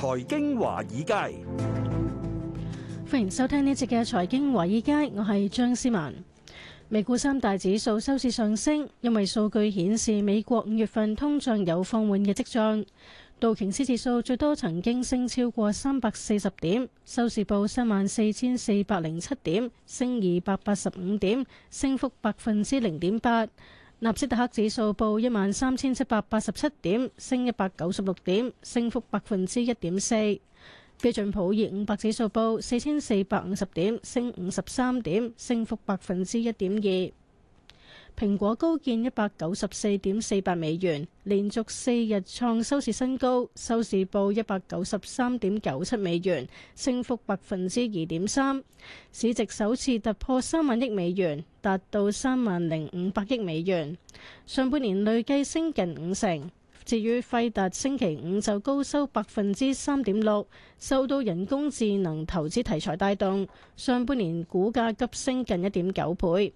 財經華爾街，歡迎收聽呢一節嘅財經華爾街。我係張思文。美股三大指數收市上升，因為數據顯示美國五月份通脹有放緩嘅跡象。道瓊斯指數最多曾經升超過三百四十點，收市報三萬四千四百零七點，升二百八十五點，升幅百分之零點八。納斯達克指數報一萬三千七百八十七點，升一百九十六點，升幅百分之一點四。標準普爾五百指數報四千四百五十點，升五十三點，升幅百分之一點二。蘋果高見一百九十四點四八美元，連續四日創收市新高，收市報一百九十三點九七美元，升幅百分之二點三，市值首次突破三萬億美元，達到三萬零五百億美元。上半年累計升近五成。至於費達星期五就高收百分之三點六，受到人工智能投資題材帶動，上半年股價急升近一點九倍。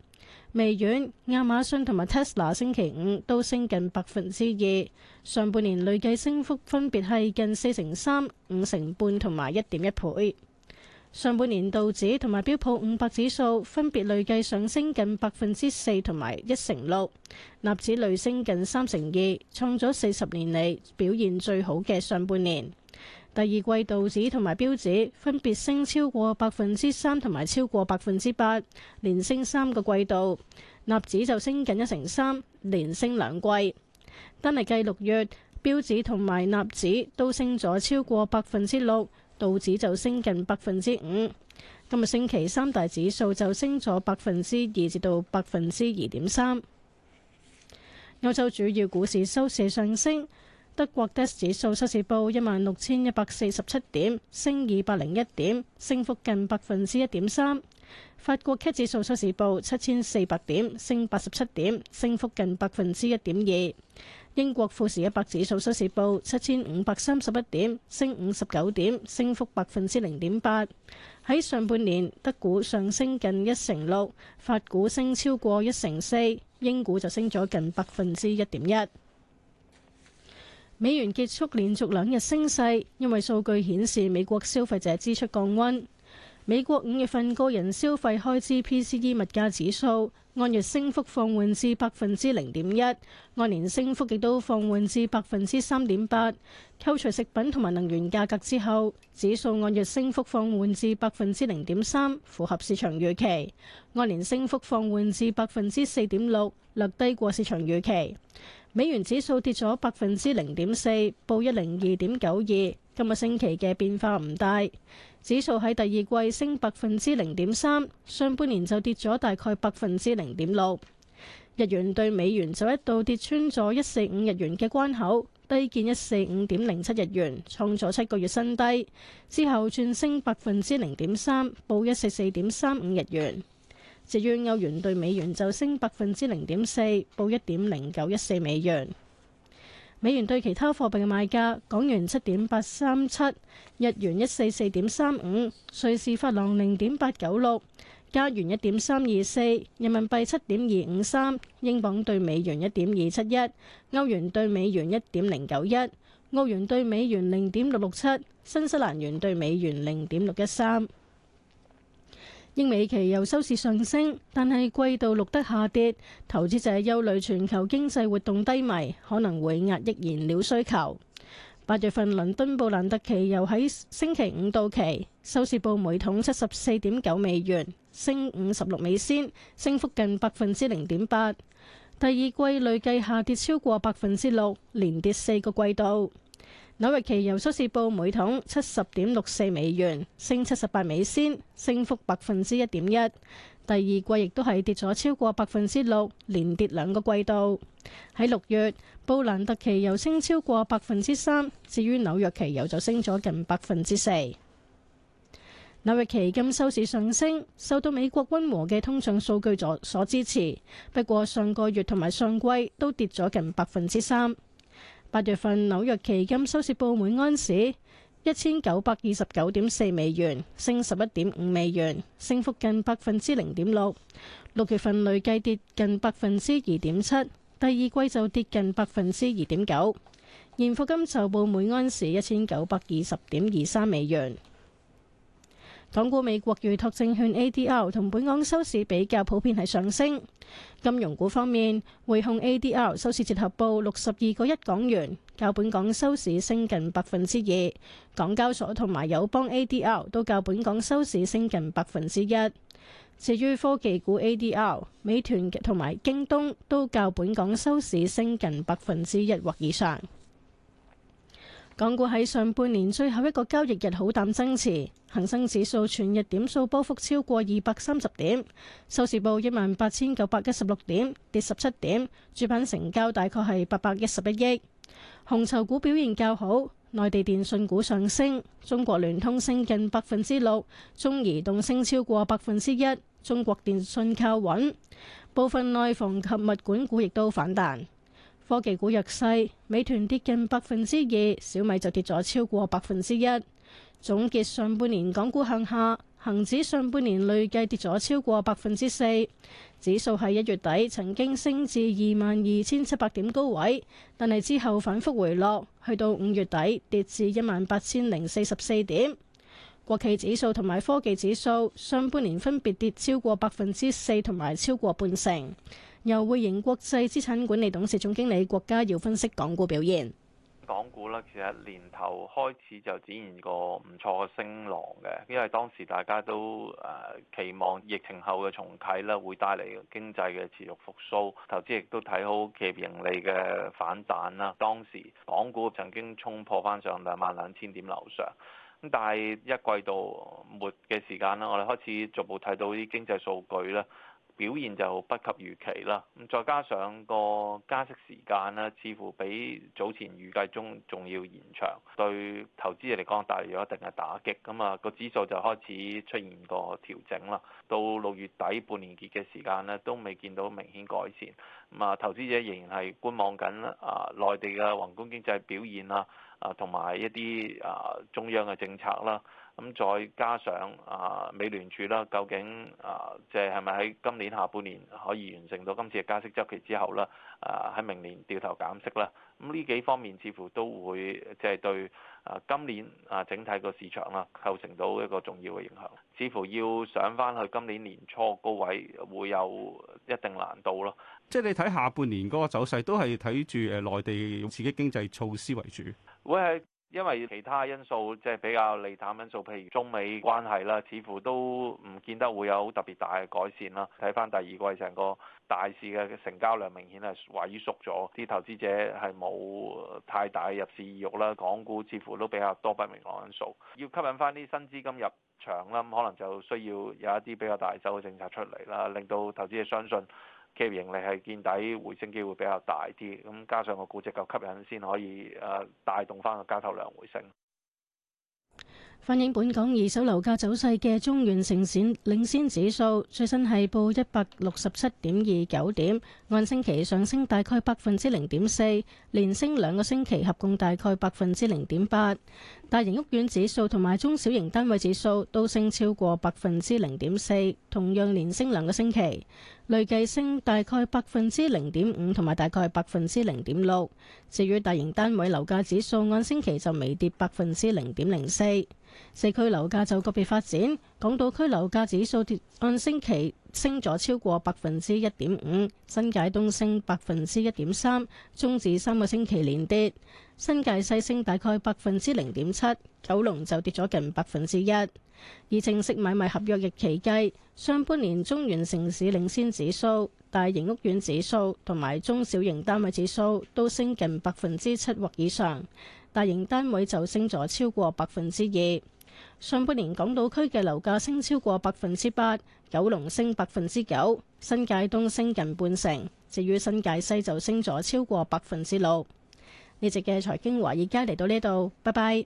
微軟、亞馬遜同埋 Tesla 星期五都升近百分之二，上半年累計升幅分別係近四成三、五成半同埋一點一倍。上半年道指同埋標普五百指數分別累計上升近百分之四同埋一成六，納指累升近三成二，創咗四十年嚟表現最好嘅上半年。第二季道指同埋標指分別升超過百分之三同埋超過百分之八，連升三個季度。納指就升近一成三，連升兩季。單嚟計六月，標指同埋納指都升咗超過百分之六，道指就升近百分之五。今日星期三大指數就升咗百分之二至到百分之二點三。歐洲主要股市收市上升。德國 DAX 指數收市報一萬六千一百四十七點，升二百零一點，升幅近百分之一點三。法國 CAC 指數收市報七千四百點，升八十七點，升幅近百分之一點二。英國富時一百指數收市報七千五百三十一點，升五十九點，升幅百分之零點八。喺上半年，德股上升近一成六，法股升超過一成四，英股就升咗近百分之一點一。美元結束連續兩日升勢，因為數據顯示美國消費者支出降溫。美國五月份個人消費開支 PCE 物價指數按月升幅放緩至百分之零點一，按年升幅亦都放緩至百分之三點八。扣除食品同埋能源價格之後，指數按月升幅放緩至百分之零點三，符合市場預期；按年升幅放緩至百分之四點六，略低過市場預期。美元指數跌咗百分之零點四，報一零二點九二。今個星期嘅變化唔大，指數喺第二季升百分之零點三，上半年就跌咗大概百分之零點六。日元兌美元就一度跌穿咗一四五日元嘅關口。低見一四五點零七日元，創咗七個月新低之後，轉升百分之零點三，報一四四點三五日元。至於歐元對美元就升百分之零點四，報一點零九一四美元。美元對其他貨幣嘅賣價：港元七點八三七，日元一四四點三五，瑞士法郎零點八九六。加元一點三二四，人民幣七點二五三，英鎊兌美元一點二七一，歐元兌美元一點零九一，澳元兌美元零點六六七，新西蘭元兌美元零點六一三。英美期油收市上升，但係季度錄得下跌。投資者憂慮全球經濟活動低迷，可能會壓抑燃料需求。八月份倫敦布蘭特期油喺星期五到期，收市報每桶七十四點九美元。升五十六美仙，升幅近百分之零點八。第二季累計下跌超過百分之六，連跌四個季度。紐約期油收市報每桶七十點六四美元，升七十八美仙，升幅百分之一點一。第二季亦都係跌咗超過百分之六，連跌兩個季度。喺六月，布蘭特期油升超過百分之三，至於紐約期油就升咗近百分之四。紐約期金收市上升，受到美國溫和嘅通脹數據所支持。不過上個月同埋上季都跌咗近百分之三。八月份紐約期金收市報每安士一千九百二十九點四美元，升十一點五美元，升幅近百分之零點六。六月份累計跌近百分之二點七，第二季就跌近百分之二點九。現貨金就報每安士一千九百二十點二三美元。港股美國預託證券 ADR 同本港收市比較普遍係上升。金融股方面，匯控 ADR 收市折合報六十二個一港元，較本港收市升近百分之二。港交所同埋友邦 ADR 都較本港收市升近百分之一。至於科技股 ADR，美團同埋京東都較本港收市升近百分之一或以上。港股喺上半年最後一個交易日好淡爭持，恒生指數全日點數波幅超過二百三十點，收市報一萬八千九百一十六點，跌十七點，主板成交大概係八百一十一億。紅籌股表現較好，內地電訊股上升，中國聯通升近百分之六，中移動升超過百分之一，中國電信靠穩，部分內房及物管股亦都反彈。科技股弱勢，美團跌近百分之二，小米就跌咗超過百分之一。總結上半年港股向下，恒指上半年累計跌咗超過百分之四。指數喺一月底曾經升至二萬二千七百點高位，但係之後反覆回落，去到五月底跌至一萬八千零四十四點。國企指數同埋科技指數上半年分別跌超過百分之四同埋超過半成。由匯盈國際資產管理董事總經理郭家耀分析港股表現。港股呢，其實年頭開始就展現過唔錯嘅升浪嘅，因為當時大家都誒、呃、期望疫情後嘅重啟咧，會帶嚟經濟嘅持續復蘇，投資亦都睇好企業盈利嘅反彈啦。當時港股曾經衝破翻上兩萬兩千點樓上，咁但係一季度末嘅時間啦，我哋開始逐步睇到啲經濟數據咧。表現就不及預期啦，咁再加上個加息時間呢，似乎比早前預計中仲要延長，對投資者嚟講帶嚟咗一定嘅打擊，咁啊、嗰個指數就開始出現個調整啦。到六月底半年結嘅時間呢，都未見到明顯改善，咁啊投資者仍然係觀望緊啊、呃、內地嘅宏觀經濟表現啊，啊同埋一啲啊、呃、中央嘅政策啦。呃咁再加上啊，美聯儲啦，究竟啊，即係係咪喺今年下半年可以完成到今次嘅加息周期之後咧？啊，喺明年掉頭減息咧？咁呢幾方面似乎都會即係對啊，今年啊，整體個市場啦構成到一個重要嘅影響，似乎要上翻去今年年初高位會有一定難度咯。即係你睇下半年嗰個走勢都係睇住誒內地用刺激經濟措施為主，會係。因為其他因素即係比較利淡因素，譬如中美關係啦，似乎都唔見得會有特別大嘅改善啦。睇翻第二季成個大市嘅成交量明顯係萎縮咗，啲投資者係冇太大嘅入市意欲啦。港股似乎都比較多不明朗因素，要吸引翻啲新資金入場啦。可能就需要有一啲比較大手嘅政策出嚟啦，令到投資者相信。企業盈利係見底回升機會比較大啲，咁加上個估值夠吸引，先可以誒帶動翻個交投量回升。反映本港二手樓價走勢嘅中原城市領先指數最新係報一百六十七點二九點，按星期上升大概百分之零點四，連升兩個星期合共大概百分之零點八。大型屋苑指數同埋中小型單位指數都升超過百分之零點四，同樣連升兩個星期，累計升大概百分之零點五，同埋大概百分之零點六。至於大型單位樓價指數，按星期就微跌百分之零點零四。四區樓價就個別發展，港島區樓價指數跌按星期升咗超過百分之一點五，新界東升百分之一點三，中止三個星期連跌。新界西升大概百分之零點七，九龍就跌咗近百分之一。以正式買賣合約日期計，上半年中原城市領先指數、大型屋苑指數同埋中小型單位指數都升近百分之七或以上，大型單位就升咗超過百分之二。上半年港島區嘅樓價升超過百分之八，九龍升百分之九，新界東升近半成，至於新界西就升咗超過百分之六。李直嘅財經華，而家嚟到呢度，拜拜。